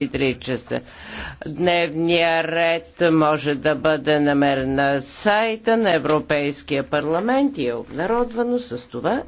3 часа. Дневния ред може да бъде намерен на сайта на Европейския парламент и е обнародвано с това.